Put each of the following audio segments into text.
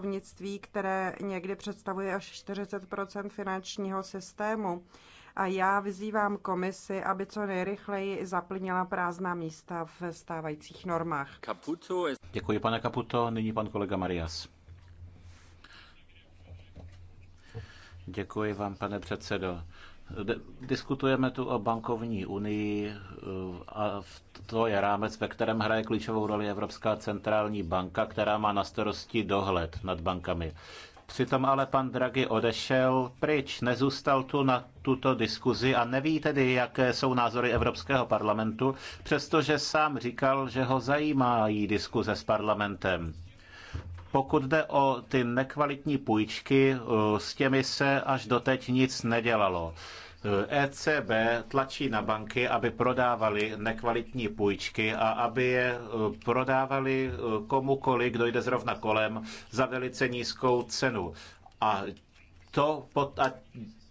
bankovnictví, které někdy představuje až 40 finančního systému. A já vyzývám komisi, aby co nejrychleji zaplnila prázdná místa v stávajících normách. Děkuji, pane Kaputo. Nyní pan kolega Marias. Děkuji vám, pane předsedo. Diskutujeme tu o bankovní unii e, a to je rámec, ve kterém hraje klíčovou roli Evropská centrální banka, která má na starosti dohled nad bankami. Přitom ale pan Draghi odešel pryč, nezůstal tu na tuto diskuzi a neví tedy, jaké jsou názory Evropského parlamentu, přestože sám říkal, že ho zajímají diskuze s parlamentem. Pokud jde o ty nekvalitní půjčky, eh, s těmi se až doteď nic nedělalo. ECB eh, e tlačí na banky, aby prodávali nekvalitní půjčky a aby je eh, prodávali komukoli, kdo jde zrovna kolem, za velice nízkou cenu. A to, a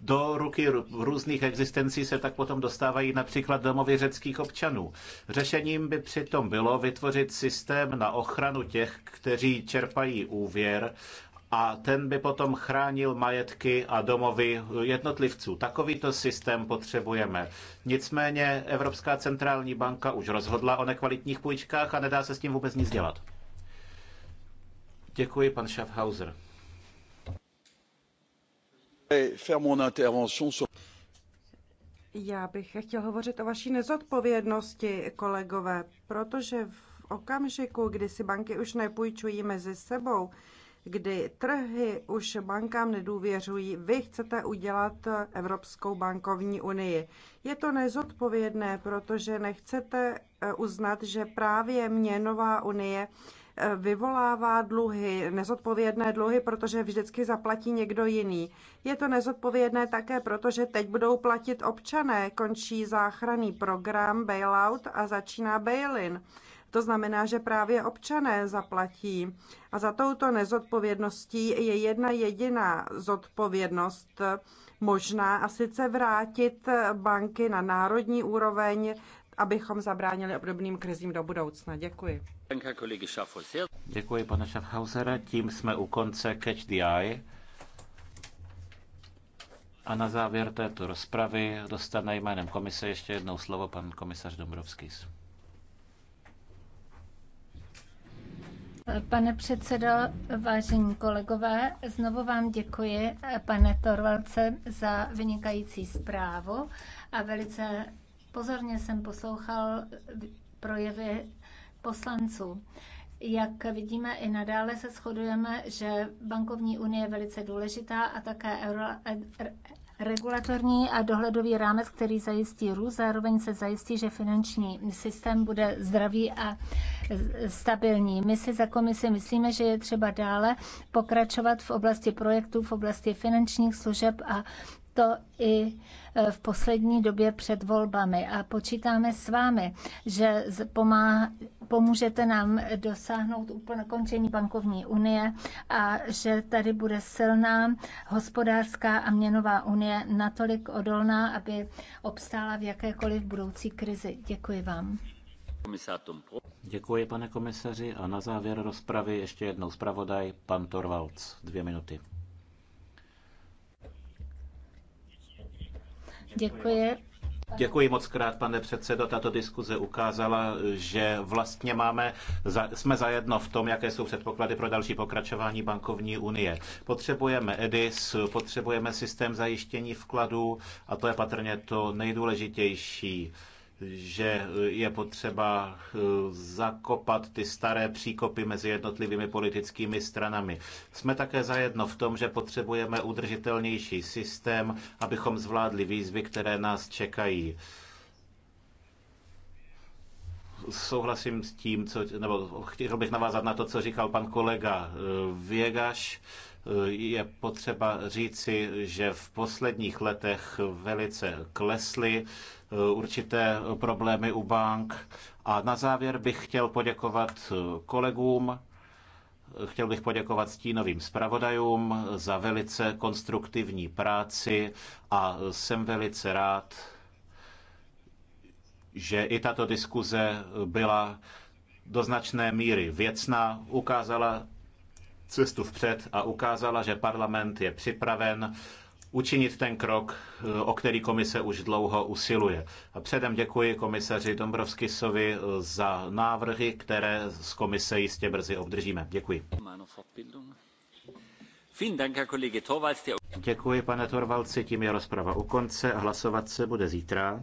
do ruky různých existencí se tak potom dostávají například domovy řeckých občanů. Řešením by přitom bylo vytvořit systém na ochranu těch, kteří čerpají úvěr a ten by potom chránil majetky a domovy jednotlivců. Takovýto systém potřebujeme. Nicméně Evropská centrální banka už rozhodla o nekvalitních půjčkách a nedá se s tím vůbec nic dělat. Děkuji, pan Schaffhauser. Já bych chtěl hovořit o vaší nezodpovědnosti, kolegové, protože v okamžiku, kdy si banky už nepůjčují mezi sebou, kdy trhy už bankám nedůvěřují, vy chcete udělat Evropskou bankovní unii. Je to nezodpovědné, protože nechcete eh, uznat, že právě měnová unie vyvolává dluhy, nezodpovědné dluhy, protože vždycky zaplatí někdo jiný. Je to nezodpovědné také, protože teď budou platit občané, končí záchranný program bailout a začíná bail-in. To znamená, že právě občané zaplatí. A za touto nezodpovědností je jedna jediná zodpovědnost možná, a sice vrátit banky na národní úroveň, abychom zabránili obdobným krizím do budoucna. Děkuji. Děkuji, pane Schaffhausere. Tím jsme u konce Catch the Eye. A na závěr této rozpravy dostane jménem komise ještě jednou slovo pan komisař Dombrovskis. Pane předsedo, vážení kolegové, znovu vám děkuji, pane Torvalce, za vynikající zprávu a velice Pozorně jsem poslouchal projevy poslanců. Jak vidíme i nadále se shodujeme, že bankovní unie je velice důležitá a také euro, regulatorní a dohledový rámec, který zajistí růst, zároveň se zajistí, že finanční systém bude zdravý a stabilní. My si za komisi myslíme, že je třeba dále pokračovat v oblasti projektů, v oblasti finančních služeb a to i Eh, v poslední době před volbami a počítáme s vámi, že pomá, pomůžete nám dosáhnout úplně končení bankovní unie a že tady bude silná hospodářská a měnová unie natolik odolná, aby obstála v jakékoliv budoucí krizi. Děkuji vám. Děkuji, pane komisaři. A na závěr rozpravy ještě jednou zpravodaj, pan Torvalds. Dvě minuty. Děkuji. Děkuji moc krát, pane předsedo. Tato diskuze ukázala, že vlastně máme, za, jsme zajedno v tom, jaké jsou předpoklady pro další pokračování bankovní unie. Potřebujeme EDIS, potřebujeme systém zajištění vkladů a to je patrně to nejdůležitější že eh, je potřeba eh, zakopat ty staré příkopy mezi jednotlivými politickými stranami. Jsme také zajedno v tom, že potřebujeme udržitelnější systém, abychom zvládli výzvy, které nás čekají souhlasím s tím, co, nebo chtěl bych navázat na to, co říkal pan kolega eh, Věgaš je potřeba říci, že v posledních letech velice klesly eh, určité problémy u bank. A na závěr bych chtěl poděkovat eh, kolegům, Chtěl bych poděkovat stínovým zpravodajům za velice konstruktivní práci a jsem velice rád, že i tato diskuze byla do značné míry věcná, ukázala cestu vpřed a ukázala, že parlament je připraven učinit ten krok, o který komise už dlouho usiluje. A předem děkuji komisaři Dombrovskisovi za návrhy, které z komise jistě brzy obdržíme. Děkuji. Děkuji, pane Torvalci, tím je rozprava u konce a hlasovat se bude zítra.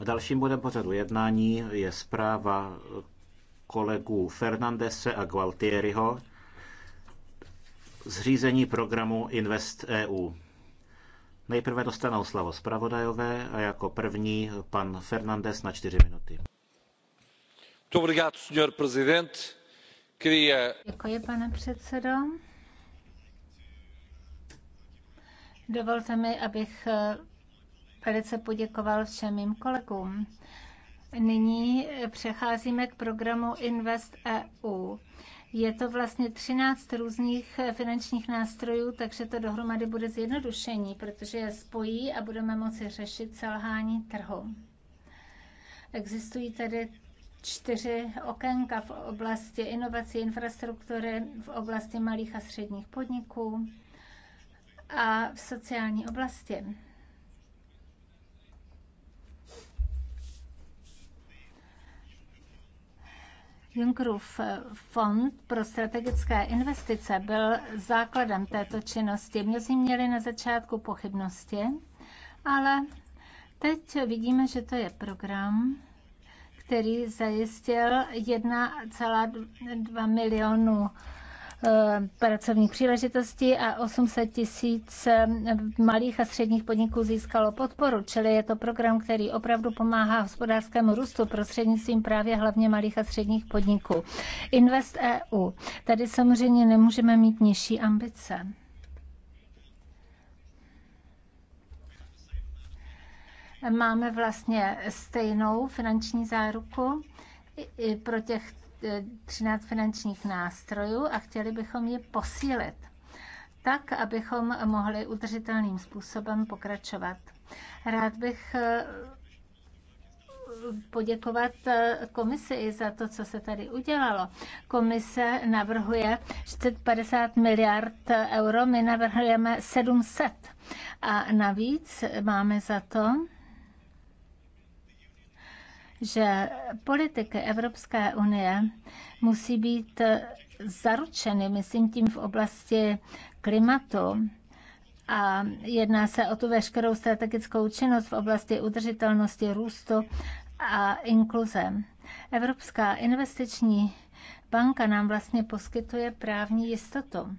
A dalším bodem pořadu jednání je zpráva kolegů Fernandese a Gualtieriho zřízení programu Invest EU. Nejprve dostanou slovo zpravodajové a jako první pan Fernandez na čtyři minuty. Děkuji, pane předsedo. Dovolte mi, abych eh, velice poděkoval všem mým kolegům. Nyní přecházíme k programu Invest EU. Je to vlastně 13 různých eh, finančních nástrojů, takže to dohromady bude zjednodušení, protože je spojí a budeme moci řešit selhání trhu. Existují tedy čtyři okénka v oblasti inovací infrastruktury, v oblasti malých a středních podniků a v sociální oblasti. Junckerův eh, fond pro strategické investice byl základem této činnosti. Mnozí měli na začátku pochybnosti, ale teď vidíme, že to je program, který zajistil 1,2 milionu Eh, pracovní příležitosti a 800 tisíc eh, malých a středních podniků získalo podporu, čili je to program, který opravdu pomáhá hospodářskému růstu prostřednictvím právě hlavně malých a středních podniků. Invest EU. Tady samozřejmě nemůžeme mít nižší ambice. Máme vlastně stejnou finanční záruku pro těch 13 finančních nástrojů a chtěli bychom je posílit tak, abychom mohli udržitelným způsobem pokračovat. Rád bych eh, poděkovat eh, komisi i za to, co se tady udělalo. Komise navrhuje 450 miliard euro, my navrhujeme 700. A navíc máme za to, že politiky Evropské unie musí být zaručeny, myslím tím v oblasti klimatu, a jedná se o tu veškerou strategickou činnost v oblasti udržitelnosti růstu a inkluze. Evropská investiční banka nám vlastně poskytuje právní jistotu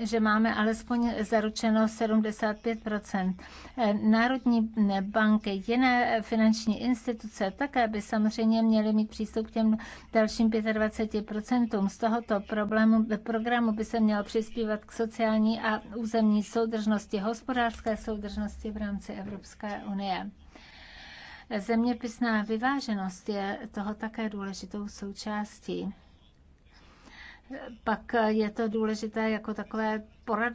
že máme alespoň zaručeno 75 eh, Národní eh, banky, jiné finanční instituce také by samozřejmě měly mít přístup k těm dalším 25 Z tohoto problému, programu by se měl přispívat k sociální a územní soudržnosti, hospodářské soudržnosti v rámci Evropské unie. Zeměpisná vyváženost je toho také důležitou součástí pak je to důležité jako takové porad,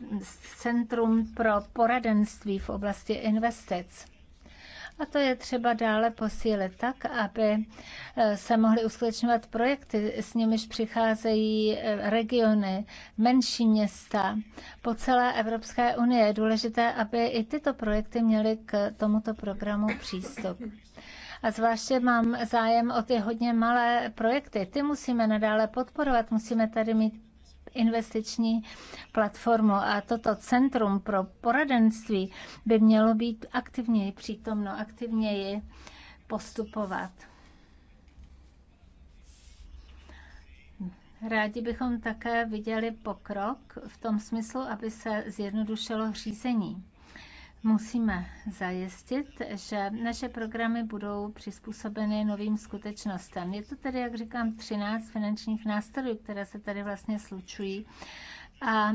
centrum pro poradenství v oblasti investic. A to je třeba dále posílit tak, aby eh, se mohly uskutečňovat projekty, s nimiž přicházejí eh, regiony, menší města po celé Evropské unie. Je důležité, aby i tyto projekty měly k tomuto programu přístup. A zvláště mám zájem o ty hodně malé projekty. Ty musíme nadále podporovat, musíme tady mít investiční platformu a toto centrum pro poradenství by mělo být aktivněji přítomno, aktivněji postupovat. Rádi bychom také viděli pokrok v tom smyslu, aby se zjednodušilo řízení musíme zajistit, že naše programy budou přizpůsobeny novým skutečnostem. Je to tedy, jak říkám, 13 finančních nástrojů, které se tady vlastně slučují. A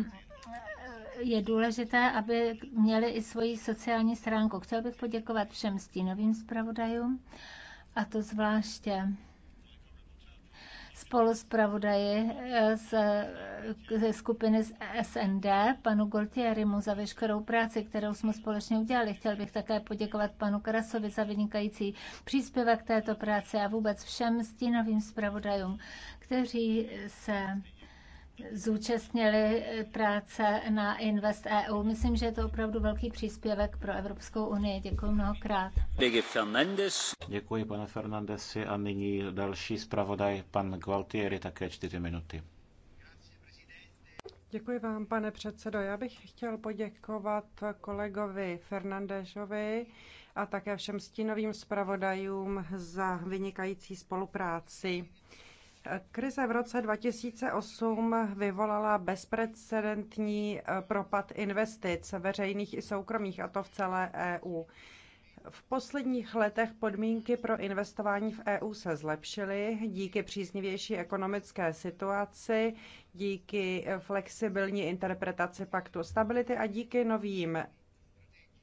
je důležité, aby měli i svoji sociální stránku. Chtěl bych poděkovat všem stínovým zpravodajům, a to zvláště spoluzpravodaji s eh, eh, ze skupiny z SND, panu Goltierimu za veškerou práci, kterou jsme společně udělali. Chtěl bych také poděkovat panu Karasovi za vynikající příspěvek této práce a vůbec všem stínovým zpravodajům, kteří se zúčastnili práce na Invest EU. Myslím, že je to opravdu velký příspěvek pro Evropskou unii. Děkuji mnohokrát. Děkuji, pane Fernandesi. A nyní další zpravodaj, pan Gualtieri, také čtyři minuty. Děkuji vám, pane předsedo. Já bych chtěl poděkovat kolegovi Fernandéšovi a také všem stínovým zpravodajům za vynikající spolupráci. Krize v roce 2008 vyvolala bezprecedentní eh, propad investic veřejných i soukromých, a to v celé EU. V posledních letech podmínky pro investování v EU se zlepšily díky příznivější ekonomické situaci, díky eh, flexibilní interpretaci paktu stability a díky novým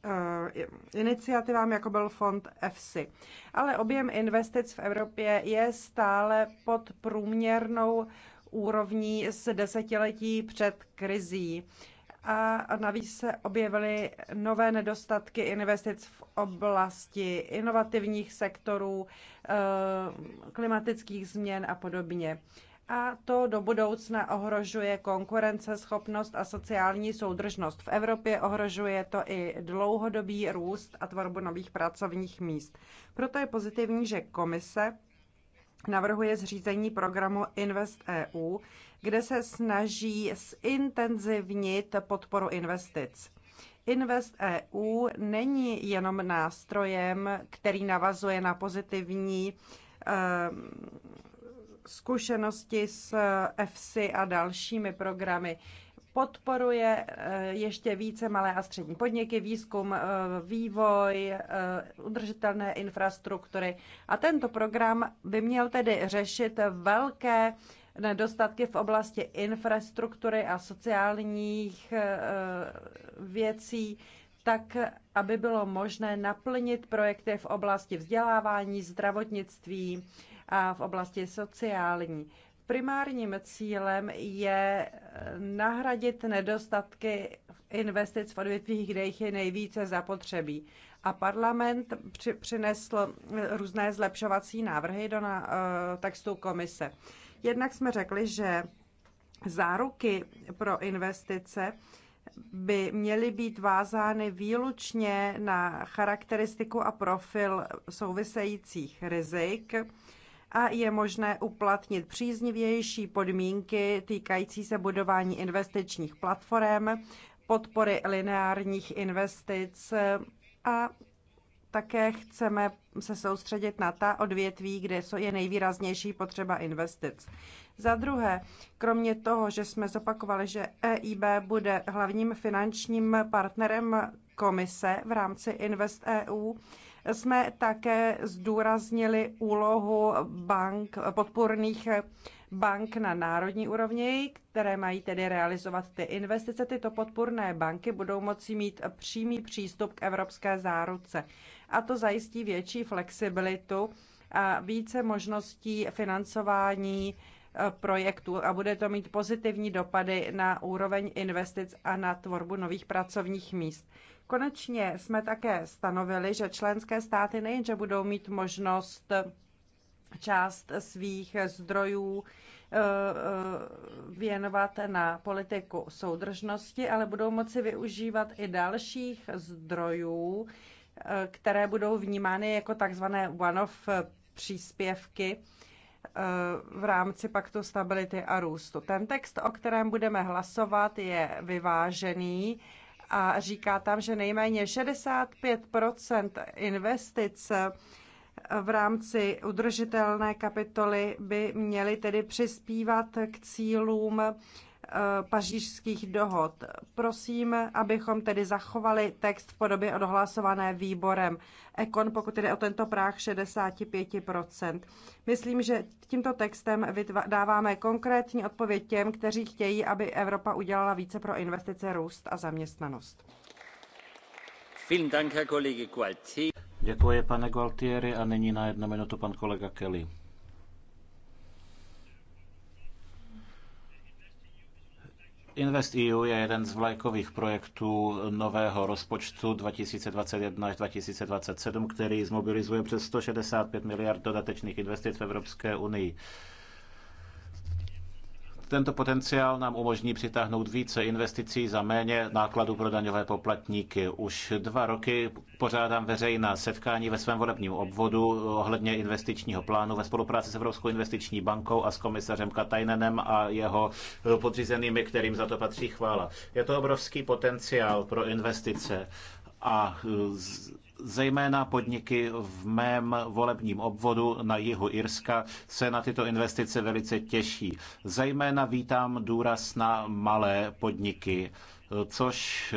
Eh, iniciativám, jako byl fond EFSI. Ale objem investic v Evropě je stále pod průměrnou úrovní z desetiletí před krizí. A navíc se objevily nové nedostatky investic v oblasti inovativních sektorů, eh, klimatických změn a podobně a to do budoucna ohrožuje konkurenceschopnost a sociální soudržnost. V Evropě ohrožuje to i dlouhodobý růst a tvorbu nových pracovních míst. Proto je pozitivní, že komise navrhuje zřízení programu Invest EU, kde se snaží zintenzivnit podporu investic. Invest EU není jenom nástrojem, který navazuje na pozitivní zkušenosti s EFSI eh, a dalšími programy. Podporuje eh, ještě více malé a střední podniky, výzkum, eh, vývoj, udržitelné infrastruktury. A tento program by měl tedy řešit velké nedostatky v oblasti infrastruktury a sociálních věcí, tak aby bylo možné naplnit projekty v oblasti vzdělávání, zdravotnictví, a v oblasti sociální. Primárním cílem je eh, nahradit nedostatky investic v odvětvích, kde jich je nejvíce zapotřebí. A parlament při, přinesl různé zlepšovací návrhy do na, eh, textu komise. Jednak jsme řekli, že záruky pro investice by měly být vázány výlučně na charakteristiku a profil souvisejících rizik a je možné uplatnit příznivější podmínky týkající se budování investičních platform, podpory lineárních investic a také chceme se soustředit na ta odvětví, kde je nejvýraznější potřeba investic. Za druhé, kromě toho, že jsme zopakovali, že EIB bude hlavním finančním partnerem komise v rámci Invest EU, jsme také zdůraznili úlohu bank, podpůrných bank na národní úrovni, které mají tedy realizovat ty investice. Tyto podpůrné banky budou moci mít přímý přístup k evropské záruce. A to zajistí větší flexibilitu a více možností financování eh, projektů a bude to mít pozitivní dopady na úroveň investic a na tvorbu nových pracovních míst. Konečně jsme také stanovili, že členské státy nejenže budou mít možnost část svých zdrojů eh, eh, věnovat na politiku soudržnosti, ale budou moci využívat i dalších zdrojů, eh, které budou vnímány jako takzvané one-off příspěvky v rámci paktu stability a růstu. Ten text, o kterém budeme hlasovat, je vyvážený a říká tam, že nejméně 65 investic v rámci udržitelné kapitoly by měly tedy přispívat k cílům Eh, pařížských dohod. Prosím, abychom tedy zachovali text v podobě odhlasované výborem Ekon, pokud jde o tento práh 65%. Myslím, že tímto textem dáváme konkrétní odpověď těm, kteří chtějí, aby Evropa udělala více pro investice, růst a zaměstnanost. Děkuji, pane Gualtieri, a nyní na jednu minutu pan kolega Kelly. InvestEU je jeden z vlajkových projektů nového rozpočtu 2021 až 2027, který zmobilizuje přes 165 miliard dodatečných investic v Evropské unii. Tento potenciál nám umožní přitáhnout více investicí za méně nákladů pro daňové poplatníky. Už dva roky pořádám veřejná setkání ve svém volebním obvodu ohledně investičního plánu ve spolupráci s Evropskou investiční bankou a s komisařem Katajnenem a jeho podřízenými, kterým za to patří chvála. Je to obrovský potenciál pro investice a z Zejména podniky v mém volebním obvodu na jihu Irska se na tyto investice velice těší. Zejména vítám důraz na malé podniky, což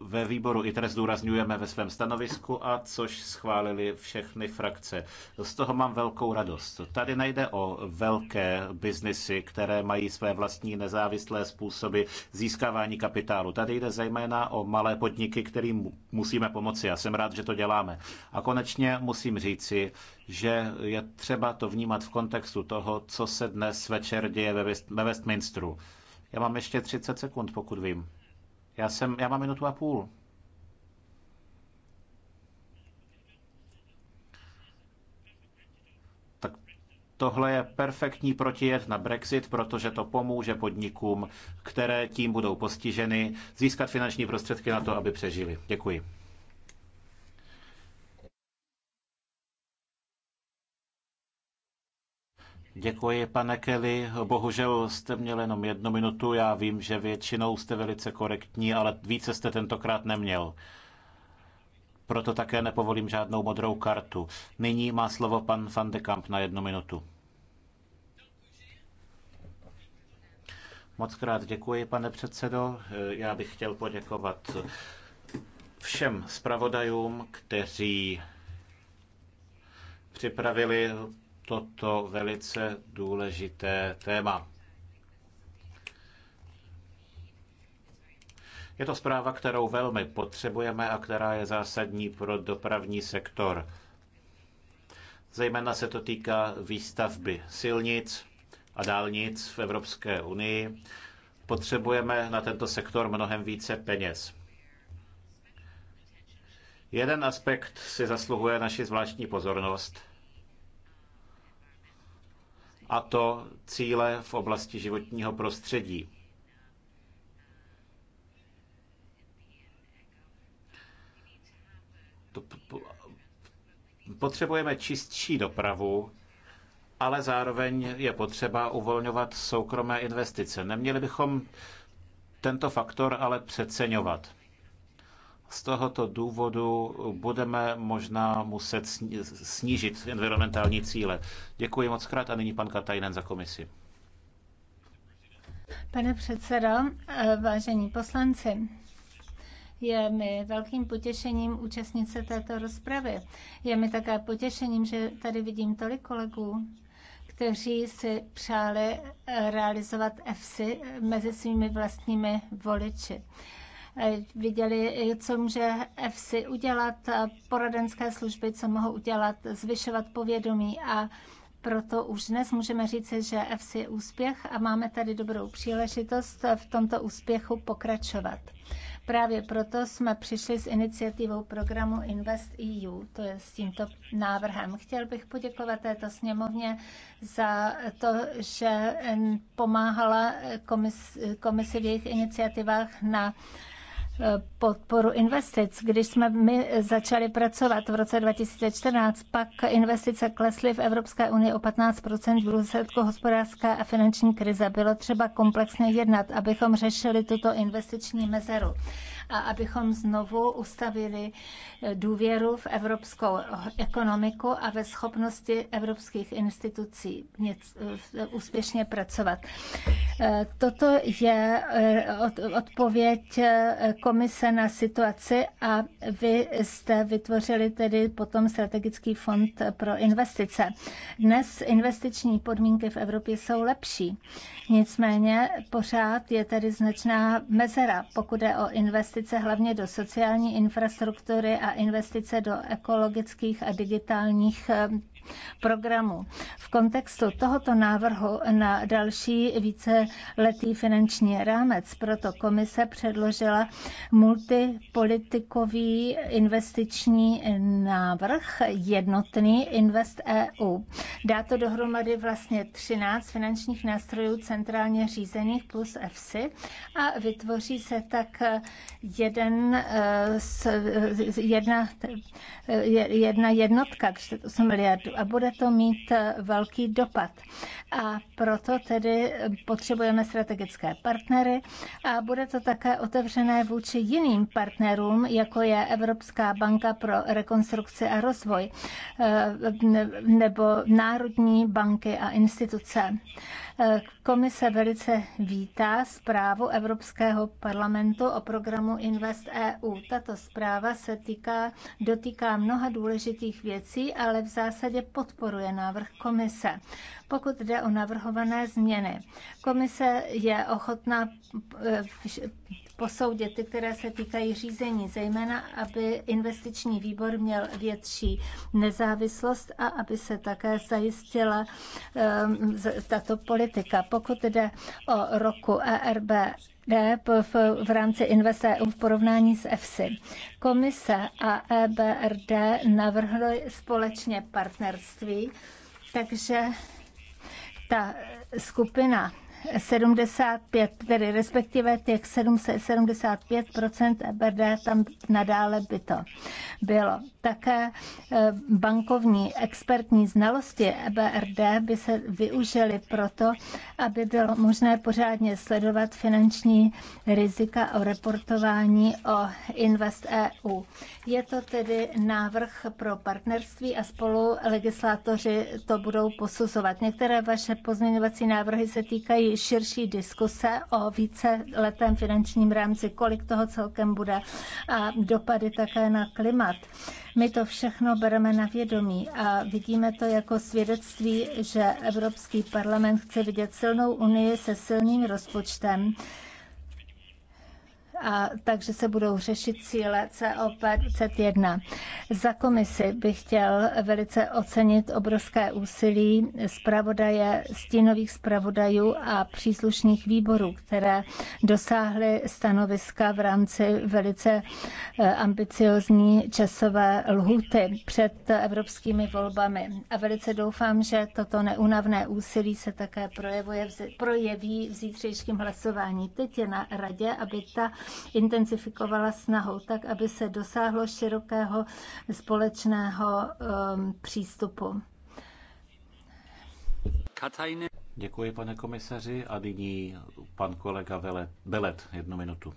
ve výboru ITRE zdůrazňujeme ve svém stanovisku a což schválili všechny frakce. Z toho mám velkou radost. Tady nejde o velké biznesy, které mají své vlastní nezávislé způsoby získávání kapitálu. Tady jde zejména o malé podniky, kterým musíme pomoci. Já jsem rád, že to děláme. A konečně musím říci, že je třeba to vnímat v kontextu toho, co se dnes večer děje ve Westminsteru. Já mám ještě 30 sekund, pokud vím. Já, jsem, já mám minutu a půl. Tohle je perfektní protijet na Brexit, protože to pomůže podnikům, které tím budou postiženy, získat finanční prostředky na to, aby přežili. Děkuji. Děkuji, pane Kelly. Bohužel jste měl jenom jednu minutu. Já vím, že většinou jste velice korektní, ale více jste tentokrát neměl. Proto také nepovolím žádnou modrou kartu. Nyní má slovo pan Van de Kamp na jednu minutu. Moc krát děkuji, pane předsedo. Já bych chtěl poděkovat všem zpravodajům, kteří připravili toto velice důležité téma. Je to zpráva, kterou velmi potřebujeme a která je zásadní pro dopravní sektor. Zejména se to týká výstavby silnic a dálnic v Evropské unii. Potřebujeme na tento sektor mnohem více peněz. Jeden aspekt si zasluhuje naši zvláštní pozornost – a to cíle v oblasti životního prostředí. Potřebujeme čistší dopravu, ale zároveň je potřeba uvolňovat soukromé investice. Neměli bychom tento faktor ale přeceňovat. Z tohoto důvodu budeme možná muset snížit environmentální cíle. Děkuji moc krát a nyní pan Katajnen za komisi. Pane předsedo, vážení poslanci, je mi velkým potěšením účastnit se této rozpravy. Je mi také potěšením, že tady vidím tolik kolegů, kteří si přáli realizovat EFSI mezi svými vlastními voliči viděli, co může FC udělat, poradenské služby, co mohou udělat, zvyšovat povědomí a proto už dnes můžeme říci, že FC je úspěch a máme tady dobrou příležitost v tomto úspěchu pokračovat. Právě proto jsme přišli s iniciativou programu Invest EU, to je s tímto návrhem. Chtěl bych poděkovat této sněmovně za to, že pomáhala komisi v jejich iniciativách na podporu investic. Když jsme my začali pracovat v roce 2014, pak investice klesly v Evropské unii o 15 v důsledku hospodářské a finanční krize. Bylo třeba komplexně jednat, abychom řešili tuto investiční mezeru a abychom znovu ustavili eh, důvěru v evropskou ekonomiku a ve schopnosti evropských institucí eh, úspěšně pracovat. Eh, toto je odpověď komise na situaci a vy jste vytvořili tedy potom strategický fond pro investice. Dnes investiční podmínky v Evropě jsou lepší. Nicméně pořád je tady značná mezera, pokud je o investice investice hlavně do sociální infrastruktury a investice do ekologických a digitálních eh, Programu V kontextu tohoto návrhu na další víceletý finanční rámec proto komise předložila multipolitikový investiční návrh jednotný Invest EU. Dá to dohromady vlastně 13 finančních nástrojů centrálně řízených plus EFSI a vytvoří se tak jeden, eh, jedna, jedna jednotka 38 miliardů a bude to mít eh, velký dopad. A proto tedy potřebujeme strategické partnery a bude to také otevřené vůči jiným partnerům, jako je Evropská banka pro rekonstrukci a rozvoj eh, nebo národní banky a instituce. Eh, komise velice vítá zprávu Evropského parlamentu o programu Invest EU. Tato zpráva se týká, dotýká mnoha důležitých věcí, ale v zásadě podporuje návrh komise. Pokud jde o navrhované změny, komise je ochotná eh, posoudit ty, které se týkají řízení, zejména aby investiční výbor měl větší nezávislost a aby se také zajistila eh, tato politika. Pokud jde o roku ERB v, v rámci InvestEU v porovnání s EFSI. Komise a EBRD navrhly společně partnerství, takže ta skupina 75, tedy respektive těch 75 EBRD tam nadále by to bylo. Také e, bankovní expertní znalosti EBRD by se využily proto, aby bylo možné pořádně sledovat finanční rizika o reportování o Invest EU. Je to tedy návrh pro partnerství a spolu legislátoři to budou posuzovat. Některé vaše pozměňovací návrhy se týkají širší diskuse o víceletém finančním rámci, kolik toho celkem bude a dopady také na klimat. My to všechno bereme na vědomí a vidíme to jako svědectví, že Evropský parlament chce vidět silnou unii se silným rozpočtem, a takže se budou řešit cíle COP21. Za komisi bych chtěl velice ocenit obrovské úsilí zpravodaje, stínových zpravodajů a příslušných výborů, které dosáhly stanoviska v rámci velice eh, ambiciozní časové lhuty před evropskými volbami. A velice doufám, že toto neunavné úsilí se také projevuje, projeví v zítřejším hlasování. Teď je na radě, aby ta intenzifikovala snahu tak, aby se dosáhlo širokého společného um, přístupu. Katajne. Děkuji, pane komisaři. A nyní pan kolega Velet, Belet, jednu minutu.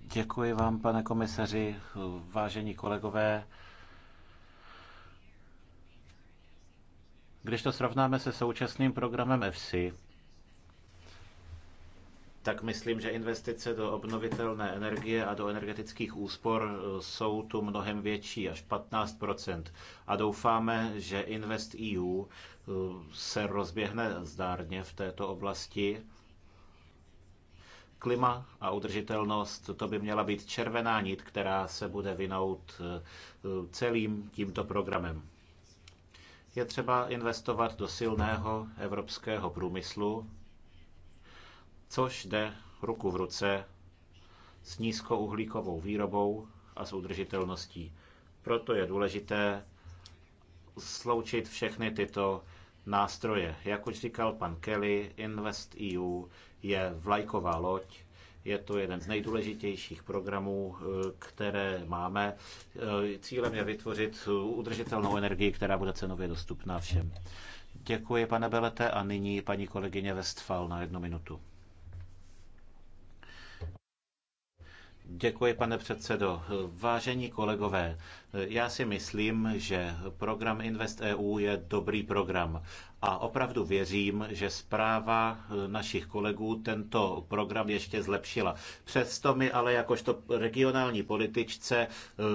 Děkuji vám, pane komisaři, vážení kolegové. Když to srovnáme se současným programem FC, tak myslím, že investice do obnovitelné energie a do energetických úspor eh, jsou tu mnohem větší, až 15 A doufáme, že Invest EU eh, se rozběhne zdárně v této oblasti. Klima a udržitelnost, to by měla být červená nit, která se bude vinout eh, celým tímto programem. Je třeba investovat do silného evropského průmyslu, což jde ruku v ruce s nízkouhlíkovou výrobou a soudržitelností. Proto je důležité sloučit všechny tyto nástroje. Jak už říkal pan Kelly, Invest EU je vlajková loď je to jeden z nejdůležitějších programů, eh, které máme. Eh, cílem je vytvořit udržitelnou energii, která bude cenově dostupná všem. Děkuji, pane Belete, a nyní paní kolegyně Westfal na jednu minutu. Děkuji, pane předsedo. Vážení kolegové, já si myslím, že program Invest EU je dobrý program a opravdu věřím, že zpráva našich kolegů tento program ještě zlepšila. Přesto mi ale jakožto regionální političce eh,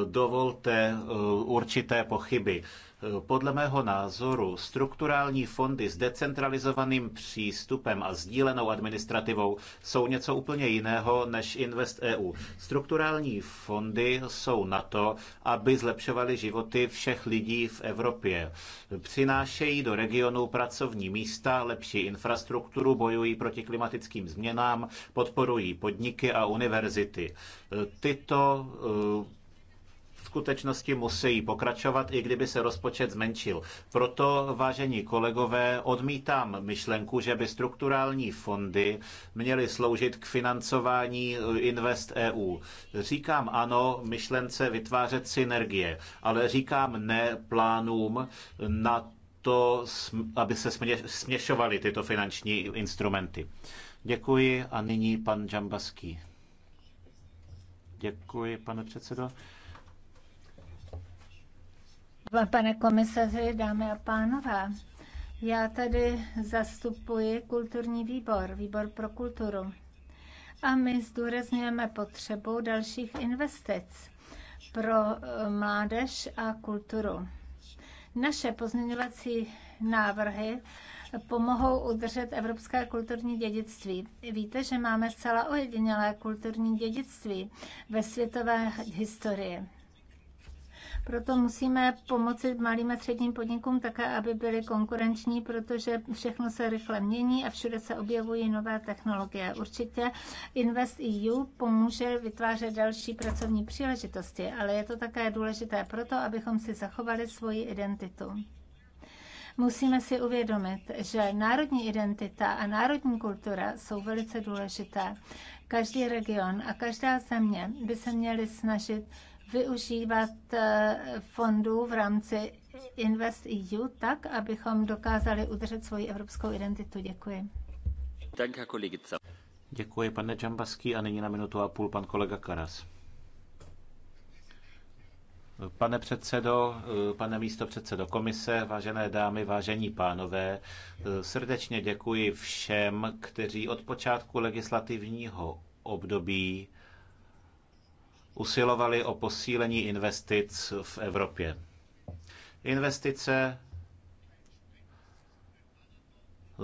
dovolte eh, určité pochyby. Eh, podle mého názoru strukturální fondy s decentralizovaným přístupem a sdílenou administrativou jsou něco úplně jiného než Invest EU. Strukturální fondy jsou na to, aby zlepšili zlepšovaly životy všech lidí v Evropě. Přinášejí do regionu pracovní místa, lepší infrastrukturu, bojují proti klimatickým změnám, podporují podniky a univerzity. Tyto skutečnosti musí pokračovat, i kdyby se rozpočet zmenšil. Proto, vážení kolegové, odmítám myšlenku, že by strukturální fondy měly sloužit k financování Invest EU. Říkám ano myšlence vytvářet synergie, ale říkám ne plánům na to, aby se směšovaly tyto finanční instrumenty. Děkuji a nyní pan Džambaský. Děkuji, pane předsedo. Pane komisaři, dámy a pánové, já tady zastupuji kulturní výbor, výbor pro kulturu. A my zdůrazňujeme potřebu dalších investic pro eh, mládež a kulturu. Naše pozměňovací návrhy pomohou udržet evropské kulturní dědictví. Víte, že máme zcela ojedinělé kulturní dědictví ve světové historii. Proto musíme pomoci malým a středním podnikům také, aby byly konkurenční, protože všechno se rychle mění a všude se objevují nové technologie. Určitě Invest EU pomůže vytvářet další pracovní příležitosti, ale je to také důležité proto, abychom si zachovali svoji identitu musíme si uvědomit, že národní identita a národní kultura jsou velice důležité. Každý region a každá země by se měly snažit využívat eh, fondů v rámci Invest EU tak, abychom dokázali udržet svoji evropskou identitu. Děkuji. Děkuji, pane Džambaský. A nyní na minutu a půl pan kolega Karas. Pane předsedo, eh, pane místo předsedo komise, vážené dámy, vážení pánové, eh, srdečně děkuji všem, kteří od počátku legislativního období usilovali o posílení investic v Evropě. Investice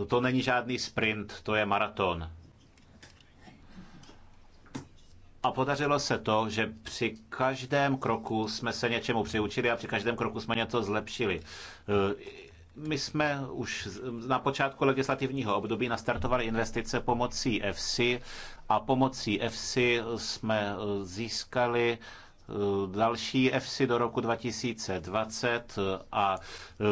to není žádný sprint, to je maraton. A podařilo se to, že při každém kroku jsme se něčemu přiučili a při každém kroku jsme něco zlepšili. E, my jsme už na počátku legislativního období nastartovali investice pomocí EFSI, a pomocí EFSI jsme eh, získali eh, další EFSI do roku 2020 eh, a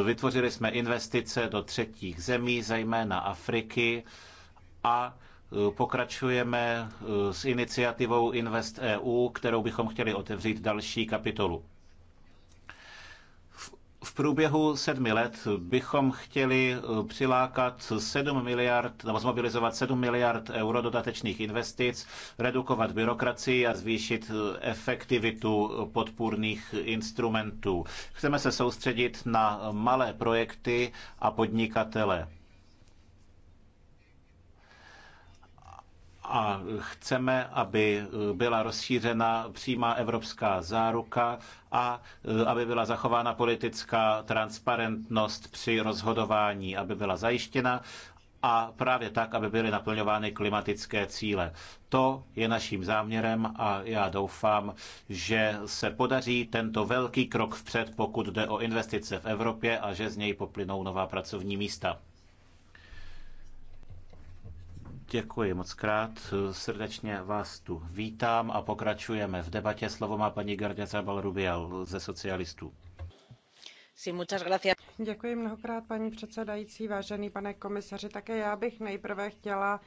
vytvořili jsme investice do třetích zemí, zejména Afriky a pokračujeme s iniciativou Invest EU, kterou bychom chtěli otevřít další kapitolu v průběhu sedmi let bychom chtěli eh, přilákat 7 miliard, nebo zmobilizovat 7 miliard euro dodatečných investic, redukovat byrokracii a zvýšit eh, efektivitu podpůrných instrumentů. Chceme se soustředit na malé projekty a podnikatele. a chceme, aby byla rozšířena přímá evropská záruka a e, aby byla zachována politická transparentnost při rozhodování, aby byla zajištěna a právě tak, aby byly naplňovány klimatické cíle. To je naším záměrem a já doufám, že se podaří tento velký krok vpřed, pokud jde o investice v Evropě a že z něj poplynou nová pracovní místa. Děkuji moc krát. Srdečně vás tu vítám a pokračujeme v debatě. Slovo má paní Gardia Zabal-Rubial ze socialistů. Děkuji mnohokrát, paní předsedající, vážený pane komisaři. Také já bych nejprve chtěla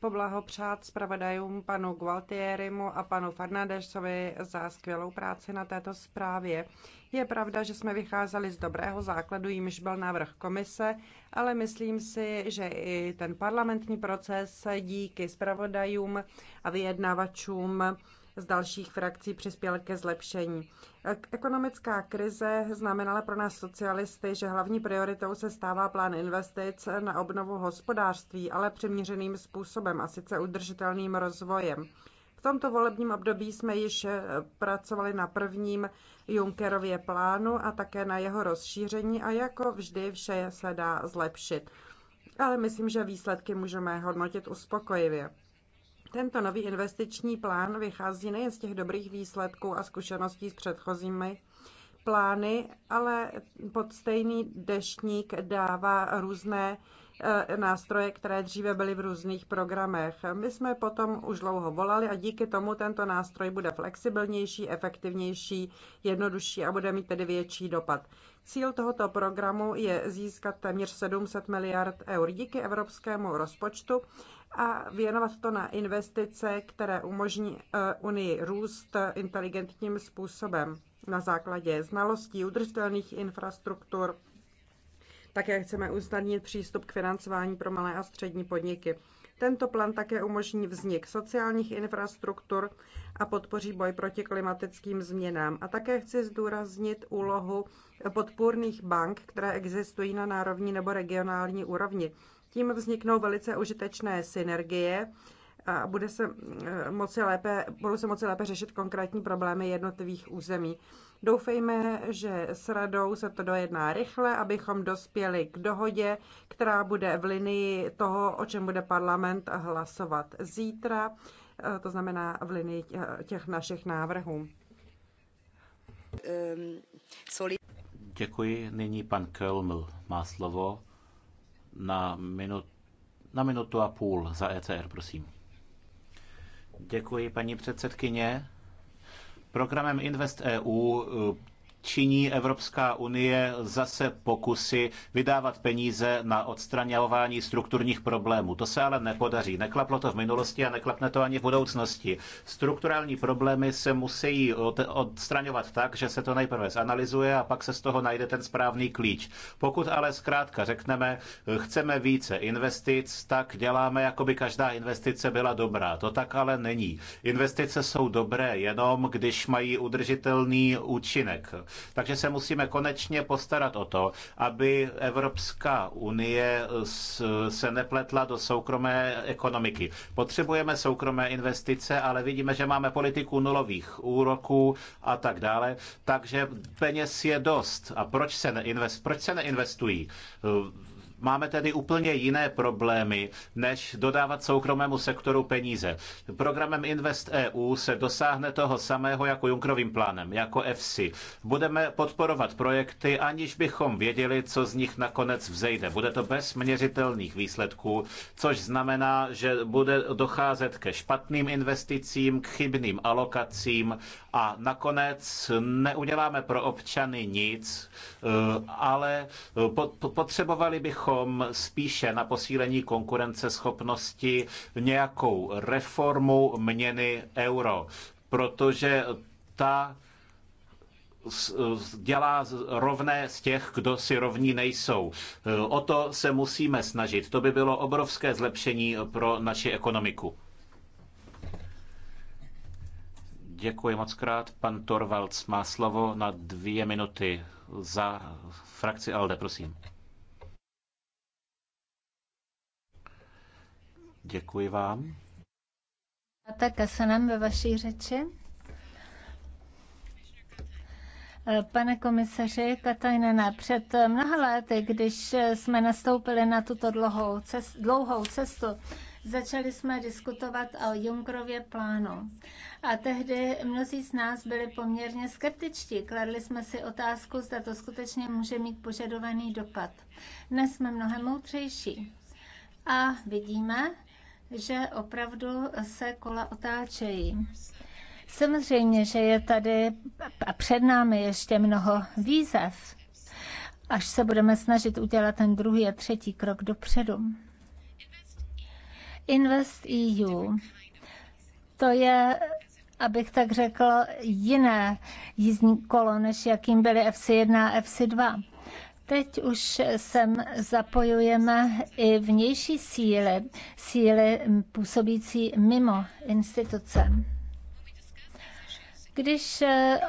poblahopřát zpravodajům panu Gualtierimu a panu Fernandesovi za skvělou práci na této zprávě. Je pravda, že jsme vycházeli z dobrého základu, jimž byl návrh komise, ale myslím si, že i ten parlamentní proces díky zpravodajům a vyjednavačům z dalších frakcí přispěl ke zlepšení. Ekonomická krize znamenala pro nás socialisty, že hlavní prioritou se stává plán investic na obnovu hospodářství, ale přiměřeným způsobem a sice udržitelným rozvojem. V tomto volebním období jsme již eh, pracovali na prvním Junckerově plánu a také na jeho rozšíření a jako vždy vše se dá zlepšit. Ale myslím, že výsledky můžeme hodnotit uspokojivě. Tento nový investiční plán vychází nejen z těch dobrých výsledků a zkušeností s předchozími plány, ale pod stejný deštník dává různé Eh, nástroje, které dříve byly v různých programech. My jsme potom už dlouho volali a díky tomu tento nástroj bude flexibilnější, efektivnější, jednodušší a bude mít tedy větší dopad. Cíl tohoto programu je získat téměř 700 miliard eur díky evropskému rozpočtu a věnovat to na investice, které umožní eh, Unii růst inteligentním způsobem na základě znalostí udržitelných infrastruktur, také chceme usnadnit přístup k financování pro malé a střední podniky. Tento plán také umožní vznik sociálních infrastruktur a podpoří boj proti klimatickým změnám. A také chci zdůraznit úlohu podpůrných bank, které existují na národní nebo regionální úrovni. Tím vzniknou velice užitečné synergie a bude se eh, moci lépe, budou se moci lépe řešit konkrétní problémy jednotlivých území. Doufejme, že s radou se to dojedná rychle, abychom dospěli k dohodě, která bude v linii toho, o čem bude parlament hlasovat zítra, eh, to znamená v linii eh, těch našich návrhů. Ehm, Děkuji. Nyní pan Kölml má slovo na, minut, na minutu a půl za ECR, prosím. Děkuji, paní předsedkyně. Programem Invest EU činí Evropská unie zase pokusy vydávat peníze na odstraňování strukturních problémů. To se ale nepodaří. Neklaplo to v minulosti a neklapne to ani v budoucnosti. Strukturální problémy se musí odstraňovat tak, že se to nejprve zanalizuje a pak se z toho najde ten správný klíč. Pokud ale zkrátka řekneme, chceme více investic, tak děláme, jako by každá investice byla dobrá. To tak ale není. Investice jsou dobré jenom, když mají udržitelný účinek. Takže se musíme konečně postarat o to, aby Evropská unie se nepletla do soukromé ekonomiky. Potřebujeme soukromé investice, ale vidíme, že máme politiku nulových úroků a tak dále, takže peněz je dost. A proč se, neinvest, proč se neinvestují? Máme tedy úplně jiné problémy, než dodávat soukromému sektoru peníze. Programem Invest EU se dosáhne toho samého jako Junkrovým plánem, jako EFSI. Budeme podporovat projekty, aniž bychom věděli, co z nich nakonec vzejde. Bude to bez měřitelných výsledků, což znamená, že bude docházet ke špatným investicím, k chybným alokacím a nakonec neuděláme pro občany nic, eh, ale potřebovali bychom bychom spíše na posílení konkurenceschopnosti nějakou reformu měny euro, protože ta dělá rovné z těch, kdo si rovní nejsou. O to se musíme snažit. To by bylo obrovské zlepšení pro naši ekonomiku. Děkuji moc krát. Pan Torvalds má slovo na dvě minuty za frakci ALDE, prosím. Děkuji vám. A tak se nám ve vaší řeči. Pane komisaři Katajnena, před mnoha lety, když jsme nastoupili na tuto dlouhou, cest, dlouhou cestu, začali jsme diskutovat o Junkrově plánu. A tehdy mnozí z nás byli poměrně skeptičtí. Kladli jsme si otázku, zda to skutečně může mít požadovaný dopad. Dnes jsme mnohem moudřejší. A vidíme, že opravdu se kola otáčejí. Samozřejmě, že je tady a před námi ještě mnoho výzev, až se budeme snažit udělat ten druhý a třetí krok dopředu. Invest EU, to je abych tak řekl, jiné jízdní kolo, než jakým byly FC1 a FC2. Teď už sem zapojujeme i vnější síly, síly působící mimo instituce. Když eh,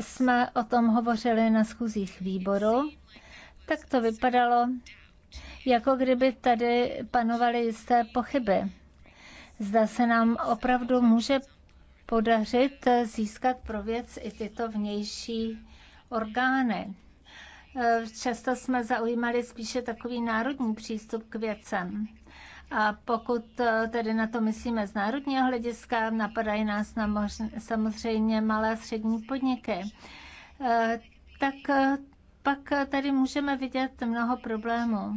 jsme o tom hovořili na schůzích výboru, tak to vypadalo, jako kdyby tady panovaly jisté pochyby. Zda se nám opravdu může podařit eh, získat pro věc i tyto vnější orgány. Často jsme zaujímali spíše takový národní přístup k věcem. A pokud eh, tedy na to myslíme z národního hlediska, napadají nás na samozřejmě malé a střední podniky. Eh, tak eh, pak tady můžeme vidět mnoho problémů.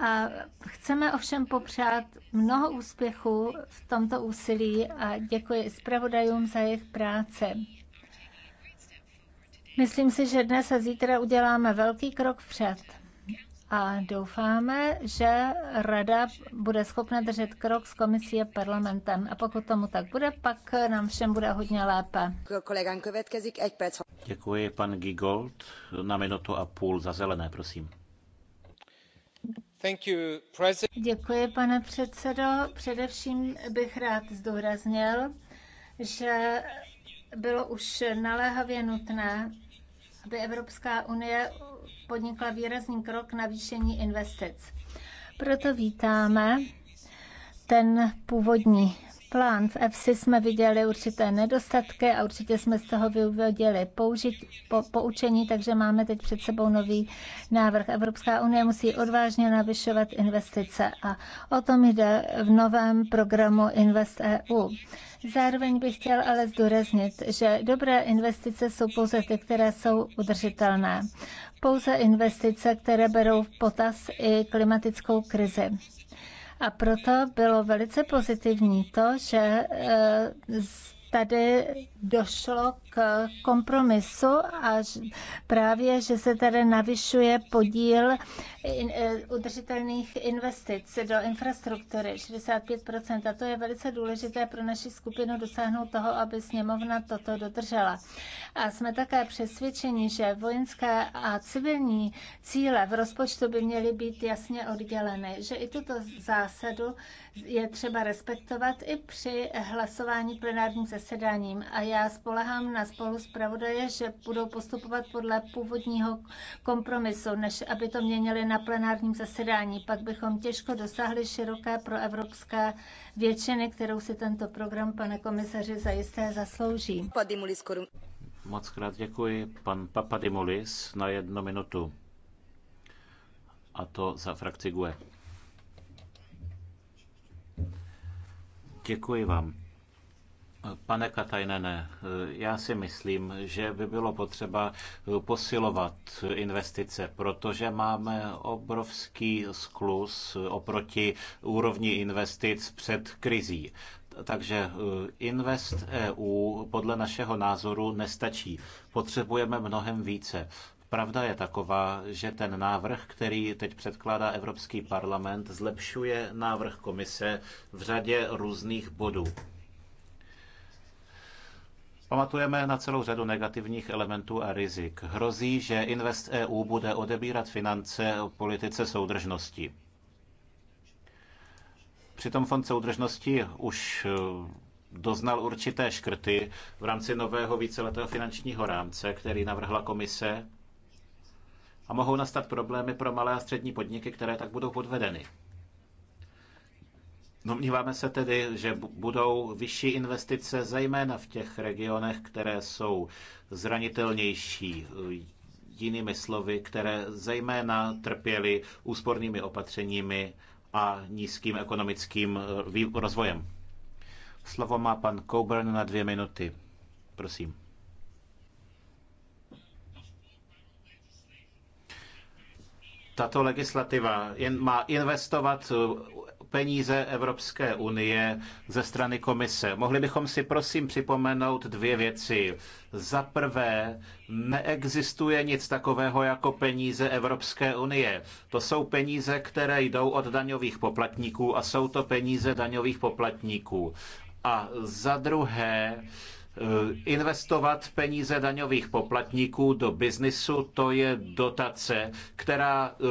A chceme ovšem popřát mnoho úspěchů v tomto úsilí a děkuji zpravodajům za jejich práci. Myslím si, že dnes a zítra uděláme velký krok vpřed a doufáme, že Rada bude schopna držet krok s komisí a parlamentem. A pokud tomu tak bude, pak nám všem bude hodně lépe. Děkuji, pan Gigold. Na minutu a půl za zelené, prosím. Děkuji, pane předsedo. Především bych rád zdůraznil, že bylo už naléhavě nutné, aby Evropská unie podnikla výrazný krok na výšení investic. Proto vítáme ten původní plán. V FC jsme viděli určité nedostatky a určitě jsme z toho vyvodili použit, po, poučení, takže máme teď před sebou nový návrh. Evropská unie musí odvážně navyšovat investice a o tom jde v novém programu Invest EU. Zároveň bych chtěl ale zdůraznit, že dobré investice jsou pouze ty, které jsou udržitelné. Pouze investice, které berou v potaz i klimatickou krizi. A proto bylo velice pozitivní to, že eh, tady došlo k kompromisu a právě, že se tady navyšuje podíl eh, udržitelných investic do infrastruktury 65%. A to je velice důležité pro naši skupinu dosáhnout toho, aby sněmovna toto dodržela. A jsme také přesvědčeni, že vojenské a civilní cíle v rozpočtu by měly být jasně odděleny, že i tuto zásadu je třeba respektovat i při hlasování plenárním zasedáním. A já spolehám na na spolu zpravodaje, že budou postupovat podle původního kompromisu, než aby to měnili na plenárním zasedání. Pak bychom těžko dosáhli široké proevropské většiny, kterou si tento program, pane komisaři, zajisté zaslouží. Moc krát děkuji. Pan Papadimulis na jednu minutu. A to za frakci GUE. Děkuji vám. Pane Katajnene, já si myslím, že by bylo potřeba posilovat investice, protože máme obrovský sklus oproti úrovni investic před krizí. Takže eh, Invest EU podle našeho názoru nestačí. Potřebujeme mnohem více. Pravda je taková, že ten návrh, který teď předkládá Evropský parlament, zlepšuje návrh komise v řadě různých bodů. Pamatujeme na celou řadu negativních elementů a rizik. Hrozí, že Invest EU bude odebírat finance politice soudržnosti. Přitom fond soudržnosti už eh, doznal určité škrty v rámci nového víceletého finančního rámce, který navrhla komise. A mohou nastat problémy pro malé a střední podniky, které tak budou podvedeny. Domníváme se tedy, že budou vyšší investice zejména v těch regionech, které jsou zranitelnější, e, jinými slovy, které zejména trpěly úspornými opatřeními a nízkým ekonomickým e, rozvojem. Slovo má pan Coburn na dvě minuty. Prosím. Tato legislativa jen má investovat e, peníze Evropské unie ze strany komise. Mohli bychom si prosím připomenout dvě věci. Za prvé, neexistuje nic takového jako peníze Evropské unie. To jsou peníze, které jdou od daňových poplatníků a jsou to peníze daňových poplatníků. A za druhé, Eh, investovat peníze daňových poplatníků do biznisu, to je dotace, která eh,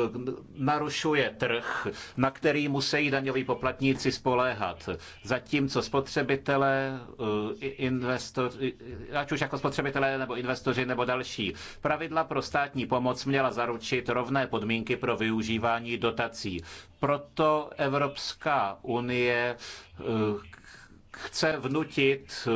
narušuje trh, na který musí daňoví poplatníci spoléhat. Zatímco spotřebitelé, eh, investoři, ať už jako spotřebitelé nebo investoři nebo další, pravidla pro státní pomoc měla zaručit rovné podmínky pro využívání dotací. Proto Evropská unie chce vnutit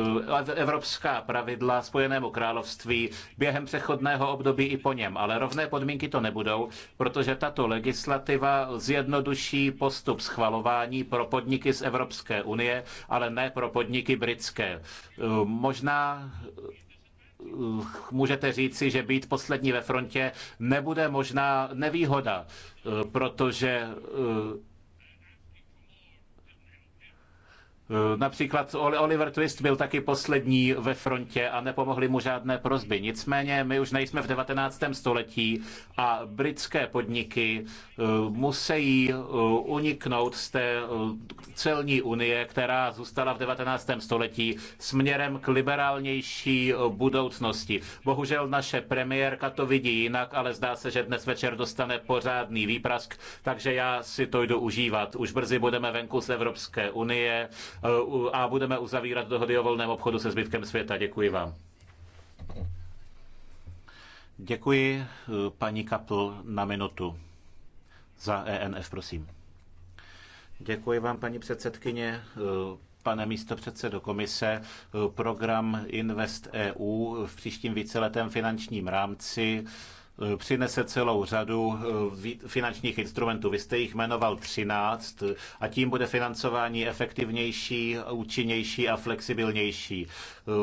eh, evropská pravidla Spojenému království během přechodného období i po něm. Ale rovné podmínky to nebudou, protože tato legislativa zjednoduší postup schvalování pro podniky z Evropské unie, ale ne pro podniky britské. Eh, možná eh, můžete říci, že být poslední ve frontě nebude možná nevýhoda, protože Eh, například Oliver Twist byl taky poslední ve frontě a nepomohly mu žádné prozby. Nicméně my už nejsme v 19. století a britské podniky eh, musí eh, uniknout z té celní unie, která zůstala v 19. století směrem k liberálnější budoucnosti. Bohužel naše premiérka to vidí jinak, ale zdá se, že dnes večer dostane pořádný výprask, takže já si to jdu užívat. Už brzy budeme venku z Evropské unie a budeme uzavírat dohody o volném obchodu se zbytkem světa. Děkuji vám. Děkuji paní Kapl na minutu. Za ENF, prosím. Děkuji vám, paní předsedkyně. Pane předsedo komise, program Invest EU v příštím víceletém finančním rámci Eh, přinese celou řadu eh, finančních instrumentů. Vy jste jich jmenoval 13 eh, a tím bude financování efektivnější, účinnější a flexibilnější.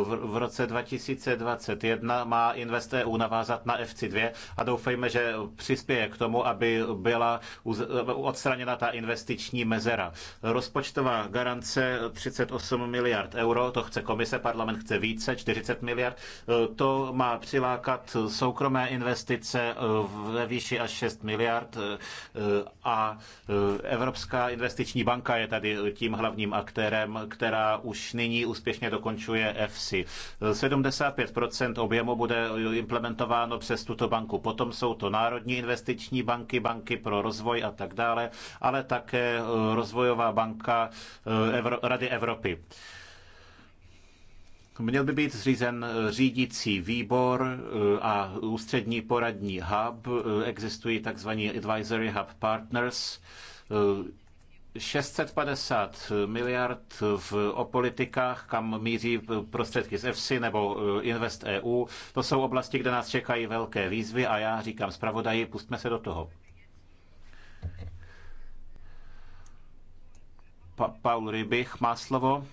V roce 2021 má InvestEU navázat na FC2 a doufejme, že přispěje k tomu, aby byla odstraněna ta investiční mezera. Rozpočtová garance 38 miliard euro, to chce komise, parlament chce více, 40 miliard, to má přilákat soukromé investice investice eh, ve výši až 6 miliard eh, a eh, Evropská investiční banka je tady tím hlavním aktérem, která už nyní úspěšně dokončuje EFSI. 75% objemu bude implementováno přes tuto banku. Potom jsou to národní investiční banky, banky pro rozvoj a tak dále, ale také rozvojová banka Evro- Rady Evropy. Měl by být zřízen eh, řídící výbor eh, a ústřední poradní hub. Eh, existují tzv. advisory hub partners. 650 miliard v, o politikách, kam míří prostředky z EFSI nebo Invest EU. To jsou oblasti, kde nás čekají velké výzvy a já říkám zpravodaji, pustme se do toho. Pa- Paul Rybich má slovo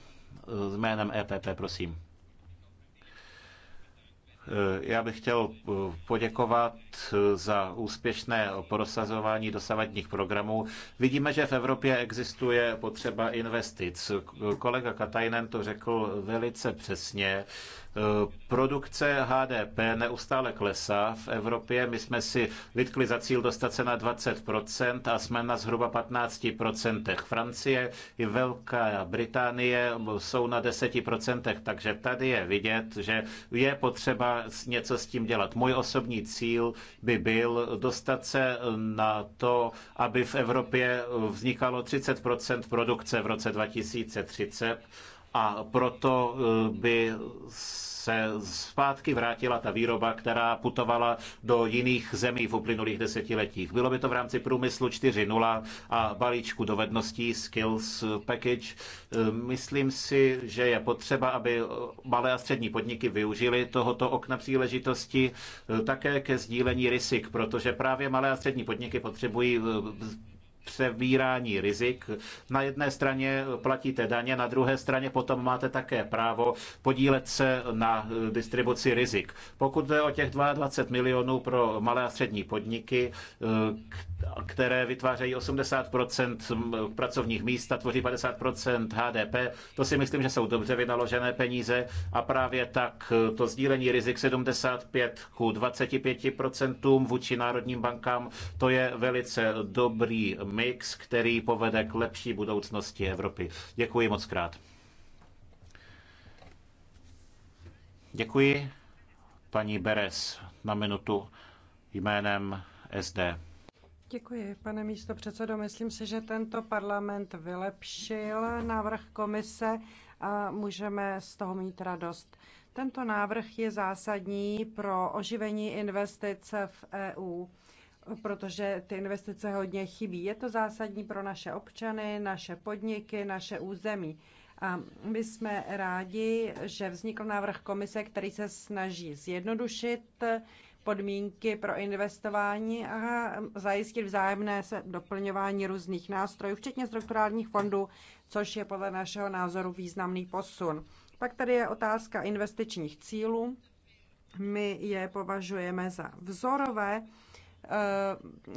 jménem EPP, prosím. Eh, já bych chtěl eh, poděkovat eh, za úspěšné prosazování dosavadních programů. Vidíme, že v Evropě existuje potřeba investic. Kolega Katajnen to řekl velice přesně. Produkce HDP neustále klesá v Evropě. My jsme si vytkli za cíl dostat se na 20% a jsme na zhruba 15%. Francie i Velká Británie jsou na 10%, takže tady je vidět, že je potřeba něco s tím dělat. Můj osobní cíl by byl dostat se na to, aby v Evropě vznikalo 30% produkce v roce 2030 a proto eh, by se zpátky vrátila ta výroba, která putovala do jiných zemí v uplynulých desetiletích. Bylo by to v rámci průmyslu 4.0 a balíčku dovedností Skills Package. Eh, myslím si, že je potřeba, aby malé a střední podniky využili tohoto okna příležitosti eh, také ke sdílení rizik, protože právě malé a střední podniky potřebují přebírání rizik. Na jedné straně platíte daně, na druhé straně potom máte také právo podílet se na distribuci rizik. Pokud jde o těch 22 milionů pro malé a střední podniky, eh, které vytvářejí 80 pracovních míst a tvoří 50 HDP, to si myslím, že jsou dobře vynaložené peníze a právě tak eh, to sdílení rizik 75 ku 25 vůči národním bankám, to je velice dobrý mix, který povede k lepší budoucnosti Evropy. Děkuji moc krát. Děkuji paní Beres na minutu jménem SD. Děkuji, pane místo předsedo. Myslím si, že tento parlament vylepšil návrh komise a můžeme z toho mít radost. Tento návrh je zásadní pro oživení investic v EU protože ty investice hodně chybí. Je to zásadní pro naše občany, naše podniky, naše území. A my jsme rádi, že vznikl návrh komise, který se snaží zjednodušit podmínky pro investování a zajistit vzájemné se doplňování různých nástrojů, včetně strukturálních fondů, což je podle našeho názoru významný posun. Pak tady je otázka investičních cílů. My je považujeme za vzorové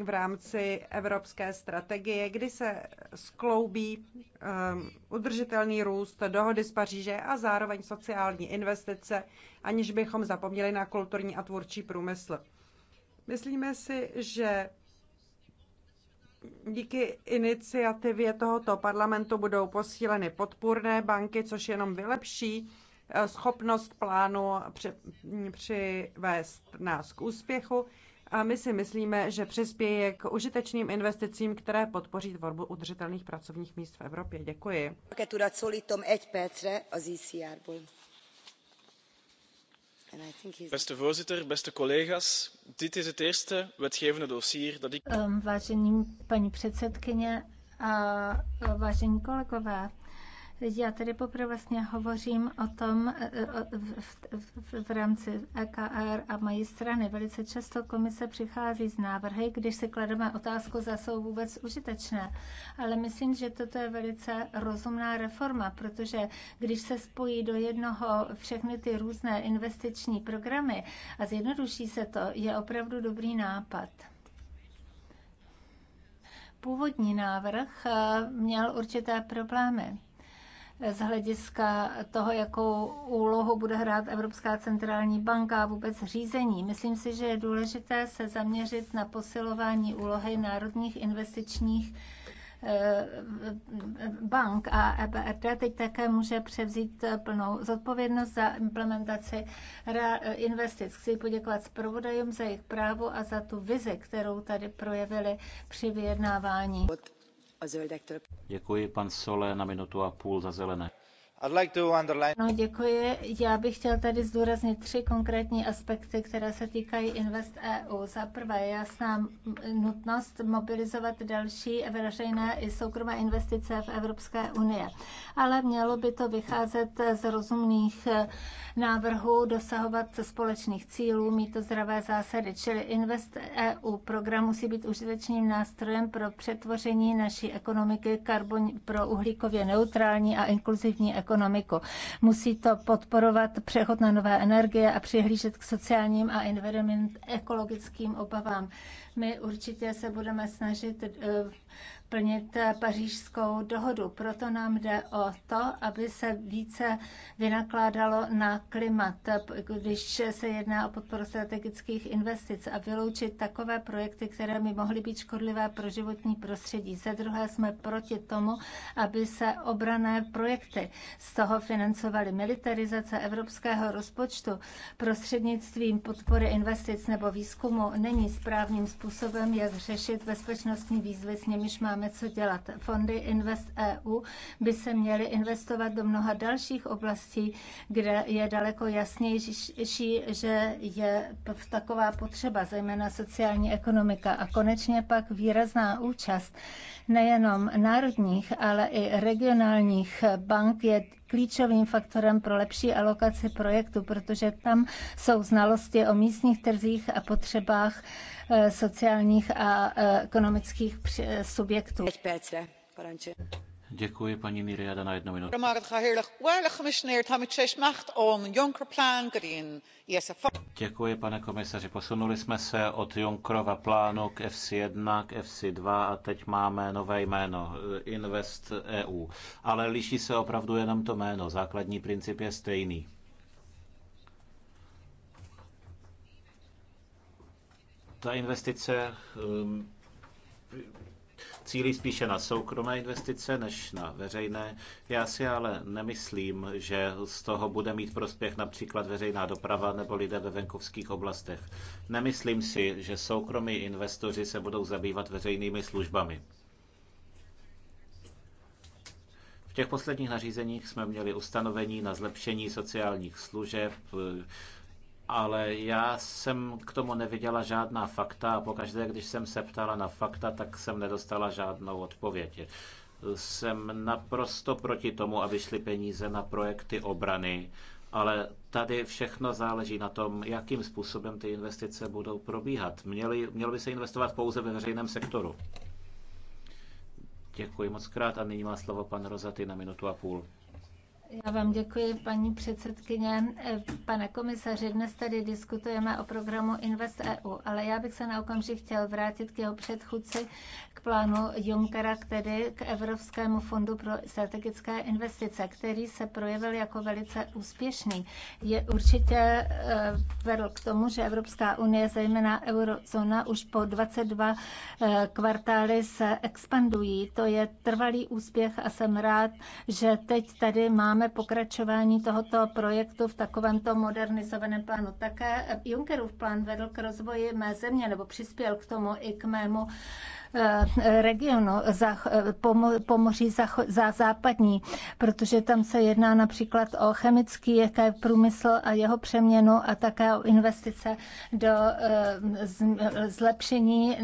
v rámci evropské strategie, kdy se skloubí um, udržitelný růst, dohody z Paříže a zároveň sociální investice, aniž bychom zapomněli na kulturní a tvůrčí průmysl. Myslíme si, že díky iniciativě tohoto parlamentu budou posíleny podpůrné banky, což jenom vylepší eh, schopnost plánu při, přivést nás k úspěchu a my si myslíme, že přispěje k užitečným investicím, které podpoří tvorbu udržitelných pracovních míst v Evropě. Děkuji. E beste voorzitter, beste collega's, dit is het eerste wetgevende dossier dat ik. Um, vážení paní předsedkyně a e, vážení kolegové, já tady poprvé vlastně hovořím o tom e, e, v, v, v rámci EKR a mají strany. Velice často komise přichází z návrhy, když si klademe otázku, za jsou vůbec užitečné. Ale myslím, že toto je velice rozumná reforma, protože když se spojí do jednoho všechny ty různé investiční programy a zjednoduší se to, je opravdu dobrý nápad původní návrh e, měl určité problémy z hlediska toho, jakou úlohu bude hrát Evropská centrální banka a vůbec řízení. Myslím si, že je důležité se zaměřit na posilování úlohy národních investičních eh, bank a EBRD teď také může převzít plnou zodpovědnost za implementaci investic. Chci poděkovat zpravodajům za jejich právo a za tu vizi, kterou tady projevili při vyjednávání. Děkuji, pan Sole, na minutu a půl za zelené. No, děkuji. Já bych chtěl tady zdůraznit tři konkrétní aspekty, které se týkají Invest EU. Za prvé je jasná nutnost mobilizovat další veřejné i soukromé investice v Evropské unie. Ale mělo by to vycházet z rozumných eh, návrhů, dosahovat společných cílů, mít to zdravé zásady. Čili Invest EU program musí být užitečným nástrojem pro přetvoření naší ekonomiky karbon, pro uhlíkově neutrální a inkluzivní ekonomiky ekonomiku. Musí to podporovat přechod na nové energie a přihlížet k sociálním a environment ekologickým obavám. My určitě se budeme snažit eh, plnit eh, pařížskou dohodu. Proto nám jde o to, aby se více vynakládalo na klimat, eh, když se jedná o podporu strategických investic a vyloučit takové projekty, které by mohly být škodlivé pro životní prostředí. Za druhé jsme proti tomu, aby se obrané projekty z toho financovaly. Militarizace evropského rozpočtu prostřednictvím podpory investic nebo výzkumu není správným způsobem, jak řešit bezpečnostní výzvy, s nimiž máme máme co dělat. Fondy Invest EU by se měly investovat do mnoha dalších oblastí, kde je daleko jasnější, že je taková potřeba, zejména sociální ekonomika. A konečně pak výrazná účast nejenom národních, ale i regionálních bank je klíčovým faktorem pro lepší alokaci projektu, protože tam jsou znalosti o místních trzích a potřebách Eh, sociálních a eh, ekonomických eh, subjektů. Děkuji, paní Miriada, na jednu minutu. Děkuji, pane komisaři. Posunuli jsme se od Junckerova plánu k FC1, k FC2 a teď máme nové jméno, Invest EU. Ale liší se opravdu jenom to jméno, základní princip je stejný. ta investice ehm, cílí spíše na soukromé investice než na veřejné. Já si ale nemyslím, že z toho bude mít prospěch například veřejná doprava nebo lidé ve venkovských oblastech. Nemyslím si, že soukromí investoři se budou zabývat veřejnými službami. V těch posledních nařízeních jsme měli ustanovení na zlepšení sociálních služeb, ale já jsem k tomu neviděla žádná fakta a pokaždé, když jsem se ptala na fakta, tak jsem nedostala žádnou odpověď. Jsem naprosto proti tomu, aby šly peníze na projekty obrany, ale tady všechno záleží na tom, jakým způsobem ty investice budou probíhat. Měly, mělo by se investovat pouze ve veřejném sektoru. Děkuji moc krát a nyní má slovo pan Rozaty na minutu a půl. Já vám děkuji, paní předsedkyně. Pane komisaři, dnes tady diskutujeme o programu Invest EU, ale já bych se na okamžik chtěl vrátit k jeho předchůdci plánu Junckera, tedy k Evropskému fondu pro strategické investice, který se projevil jako velice úspěšný. Je určitě eh, vedl k tomu, že Evropská unie, zejména eurozóna, už po 22 eh, kvartály se expandují. To je trvalý úspěch a jsem rád, že teď tady máme pokračování tohoto projektu v takovémto modernizovaném plánu. Také Junckerův plán vedl k rozvoji mé země, nebo přispěl k tomu i k mému Eh, regionu za, eh, pomoří za, za západní, protože tam se jedná například o chemický jaké průmysl a jeho přeměnu a také o investice do eh, zlepšení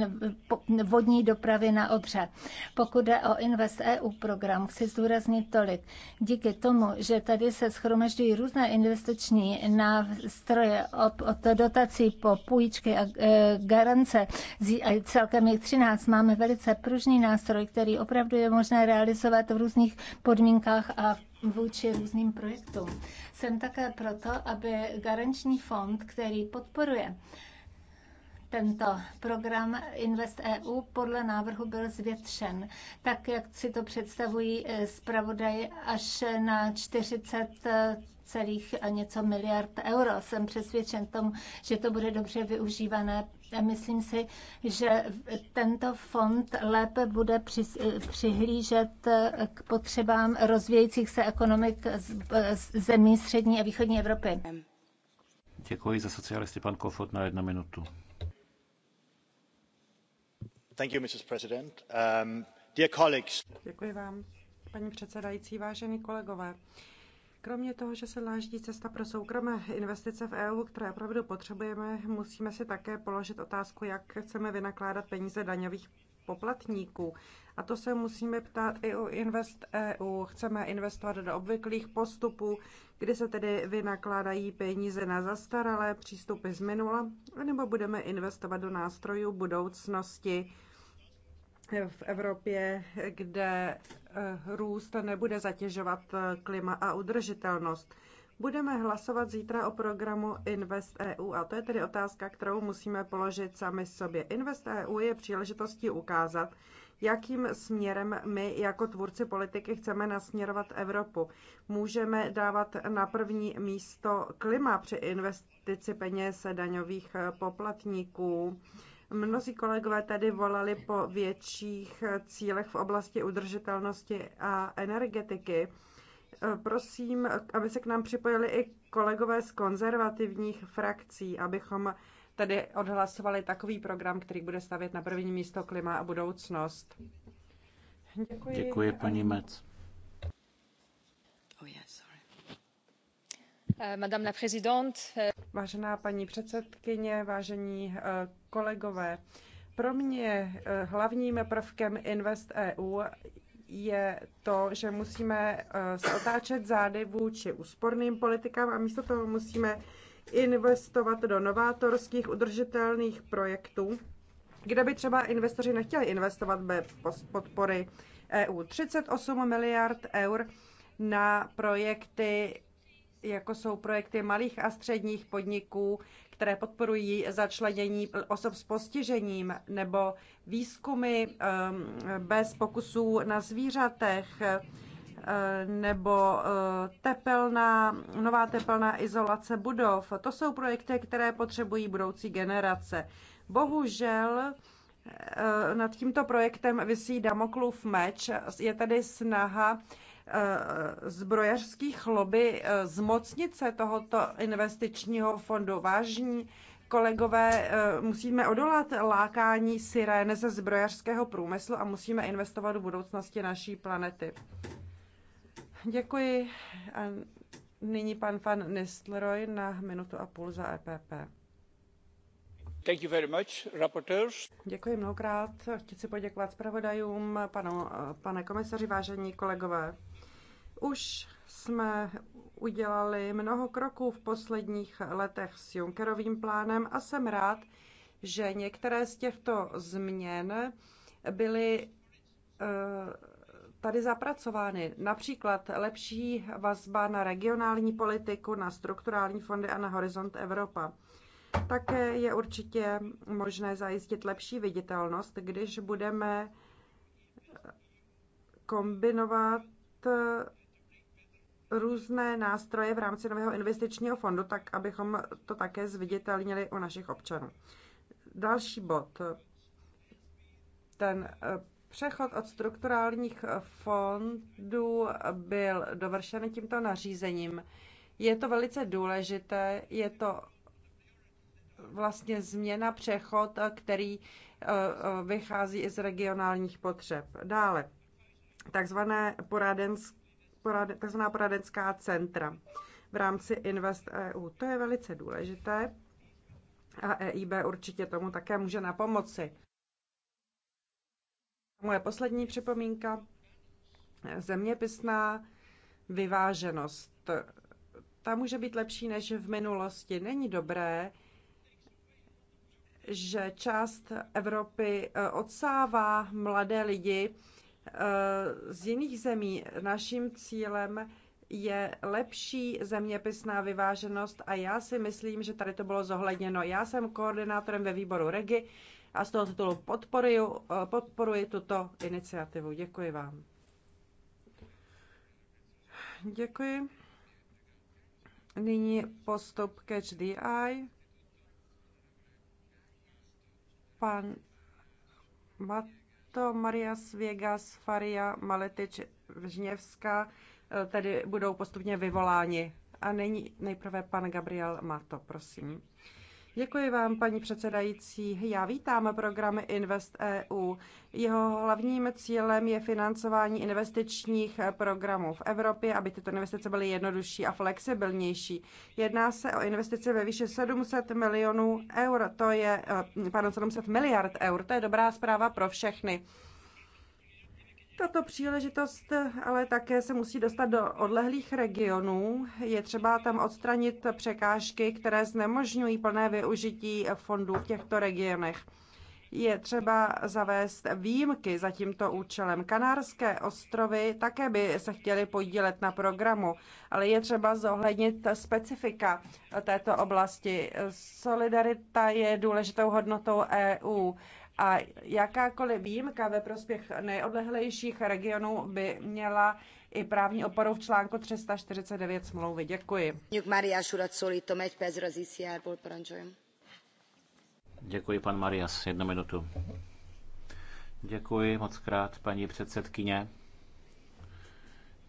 vodní dopravy na Odře. Pokud jde o Invest EU program, chci zdůraznit tolik. Díky tomu, že tady se schromažďují různé investiční nástroje od, od dotací po půjčky a garance, celkem jich 13, máme velice pružný nástroj, který opravdu je možné realizovat v různých podmínkách a vůči různým projektům. Jsem také proto, aby garanční fond, který podporuje tento program Invest EU podle návrhu byl zvětšen, tak jak si to představují eh, zpravodaj až na 40 eh, celých a něco miliard euro. Jsem přesvědčen tom, že to bude dobře využívané Myslím si, že tento fond lépe bude přihlížet k potřebám rozvějících se ekonomik zemí střední a východní Evropy. Děkuji za socialisty, pan Kofod, na jednu minutu. Thank you, Mrs. President. Um, dear colleagues. Děkuji vám, paní předsedající, vážení kolegové. Kromě toho, že se láždí cesta pro soukromé investice v EU, které opravdu potřebujeme, musíme si také položit otázku, jak chceme vynakládat peníze daňových poplatníků. A to se musíme ptát i u Invest EU. Chceme investovat do obvyklých postupů, kdy se tedy vynakládají peníze na zastaralé přístupy z minula, nebo budeme investovat do nástrojů budoucnosti v Evropě, kde Eh, růst nebude zatěžovat eh, klima a udržitelnost. Budeme hlasovat zítra o programu Invest EU a to je tedy otázka, kterou musíme položit sami sobě. Invest EU je příležitostí ukázat, jakým směrem my jako tvůrci politiky chceme nasměrovat Evropu. Můžeme dávat na první místo klima při investici peněz daňových poplatníků Mnozí kolegové tady volali po větších cílech v oblasti udržitelnosti a energetiky. Prosím, aby se k nám připojili i kolegové z konzervativních frakcí, abychom tedy odhlasovali takový program, který bude stavět na první místo klima a budoucnost. Děkuji. Děkuji, paní Mec. Oh, yes. Eh, eh, Vážená paní předsedkyně, vážení eh, kolegové, pro mě hlavním prvkem Invest EU je to, že musíme se otáčet zády vůči úsporným politikám a místo toho musíme investovat do novátorských udržitelných projektů, kde by třeba investoři nechtěli investovat bez podpory EU. 38 miliard eur na projekty jako jsou projekty malých a středních podniků, které podporují začlenění osob s postižením nebo výzkumy ehm, bez pokusů na zvířatech ehm, nebo eh, tepelná, nová tepelná izolace budov. To jsou projekty, které potřebují budoucí generace. Bohužel eh, nad tímto projektem vysí Damoklův meč. Je tady snaha Eh, zbrojařských lobby eh, zmocnit se tohoto investičního fondu. Vážní kolegové, eh, musíme odolat lákání sirén ze zbrojařského průmyslu a musíme investovat do budoucnosti naší planety. Děkuji. A nyní pan Van Nistelrooy na minutu a půl za EPP. Thank you very much, rapporteurs. Děkuji mnohokrát. Chci poděkovat zpravodajům, panu, pane komisaři, vážení kolegové. Už jsme udělali mnoho kroků v posledních letech s Junckerovým plánem a jsem rád, že některé z těchto změn byly eh, tady zapracovány. Například lepší vazba na regionální politiku, na strukturální fondy a na Horizont Evropa. Také je určitě možné zajistit lepší viditelnost, když budeme kombinovat různé nástroje v rámci nového investičního fondu, tak abychom to také zviditelnili u našich občanů. Další bod. Ten eh, přechod od strukturálních eh, fondů byl dovršen tímto nařízením. Je to velice důležité, je to vlastně změna, přechod, eh, který vychází i z regionálních potřeb. Dále, takzvané poradenské tzv. poradenská centra v rámci Invest EU. To je velice důležité a EIB určitě tomu také může na pomoci. Moje poslední připomínka, zeměpisná vyváženost. Ta může být lepší než v minulosti. Není dobré, že část Evropy eh, odsává mladé lidi, Eh, z jiných zemí. Naším cílem je lepší zeměpisná vyváženost a já si myslím, že tady to bylo zohledněno. Já jsem koordinátorem ve výboru REGI a z toho titulu podporuji, eh, podporuji tuto iniciativu. Děkuji vám. Děkuji. Nyní postup Catch the Eye. Pan Mat to Maria Svěga, Faria, Maletič, Vžněvská, eh, tedy budou postupně vyvoláni. A nyní nejprve pan Gabriel Mato, prosím. Děkuji vám, paní předsedající. Já vítám program Invest EU. Jeho hlavním cílem je financování investičních programů v Evropě, aby tyto investice byly jednodušší a flexibilnější. Jedná se o investice ve výši 700 milionů eur, to je, eh, pardon, 700 miliard eur, to je dobrá zpráva pro všechny. Tato příležitost ale také se musí dostat do odlehlých regionů. Je třeba tam odstranit překážky, které znemožňují plné využití fondů v těchto regionech. Je třeba zavést výjimky za tímto účelem. Kanárské ostrovy také by se chtěly podílet na programu, ale je třeba zohlednit specifika této oblasti. Solidarita je důležitou hodnotou EU a jakákoliv výjimka ve prospěch nejodlehlejších regionů by měla i právní oporu v článku 349 smlouvy. Děkuji. Děkuji, pan Marias. Jednu minutu. Děkuji moc krát, paní předsedkyně.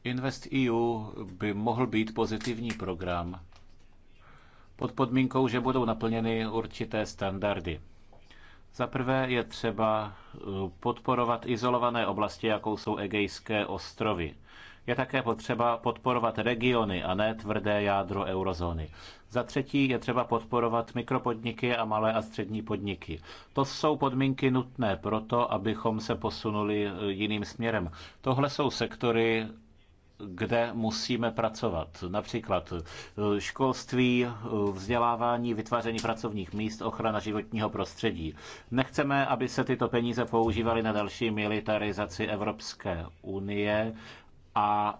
Invest EU by mohl být pozitivní program pod podmínkou, že budou naplněny určité standardy. Za prvé je třeba eh, podporovat izolované oblasti, jakou jsou Egejské ostrovy. Je také potřeba podporovat regiony a ne tvrdé jádro eurozóny. Za třetí je třeba podporovat mikropodniky a malé a střední podniky. To jsou podmínky nutné pro to, abychom se posunuli eh, jiným směrem. Tohle jsou sektory, kde musíme pracovat. Například e, školství, e, vzdělávání, vytváření pracovních míst, ochrana životního prostředí. Nechceme, aby se tyto peníze používaly na další militarizaci Evropské unie a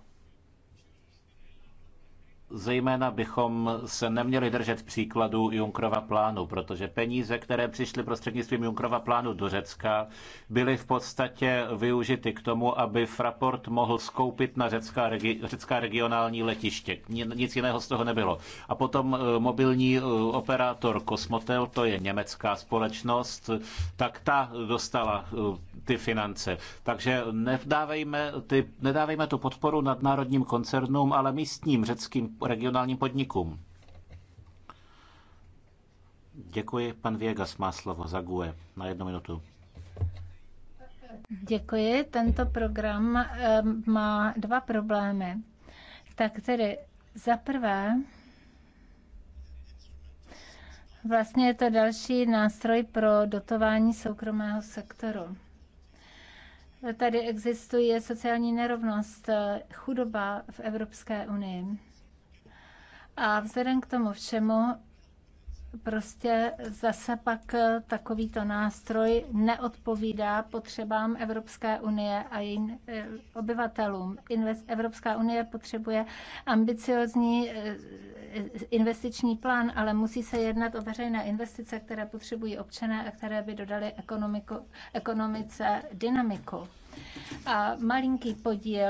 Zejména bychom se neměli držet příkladu Junkrova plánu, protože peníze, které přišly prostřednictvím Junkrova plánu do Řecka, byly v podstatě využity k tomu, aby Fraport mohl skoupit na řecká, regi- řecká regionální letiště. Nic jiného z toho nebylo. A potom eh, mobilní eh, operátor Kosmotel, to je německá společnost, tak ta dostala eh, ty finance. Takže nedávejme, ty, nedávejme tu podporu nadnárodním koncernům, ale místním řeckým regionálním podnikům. Děkuji, pan Věgas má slovo za GUE na jednu minutu. Děkuji. Tento program eh, má dva problémy. Tak tedy za prvé, vlastně je to další nástroj pro dotování soukromého sektoru. Tady existuje sociální nerovnost, eh, chudoba v Evropské unii. A vzhledem k tomu všemu prostě zase pak takovýto nástroj neodpovídá potřebám Evropské unie a jejím eh, obyvatelům. Evropská unie potřebuje ambiciozní eh, eh, investiční plán, ale musí se jednat o veřejné investice, které potřebují občané a které by dodaly ekonomiku, ekonomice dynamiku. A malinký podíl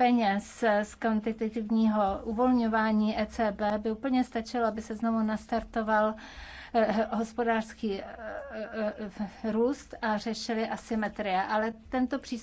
peněz z kvantitativního uvolňování ECB by úplně stačilo, aby se znovu nastartoval eh, hospodářský eh, eh, růst a řešili asymetrie. Ale tento přístup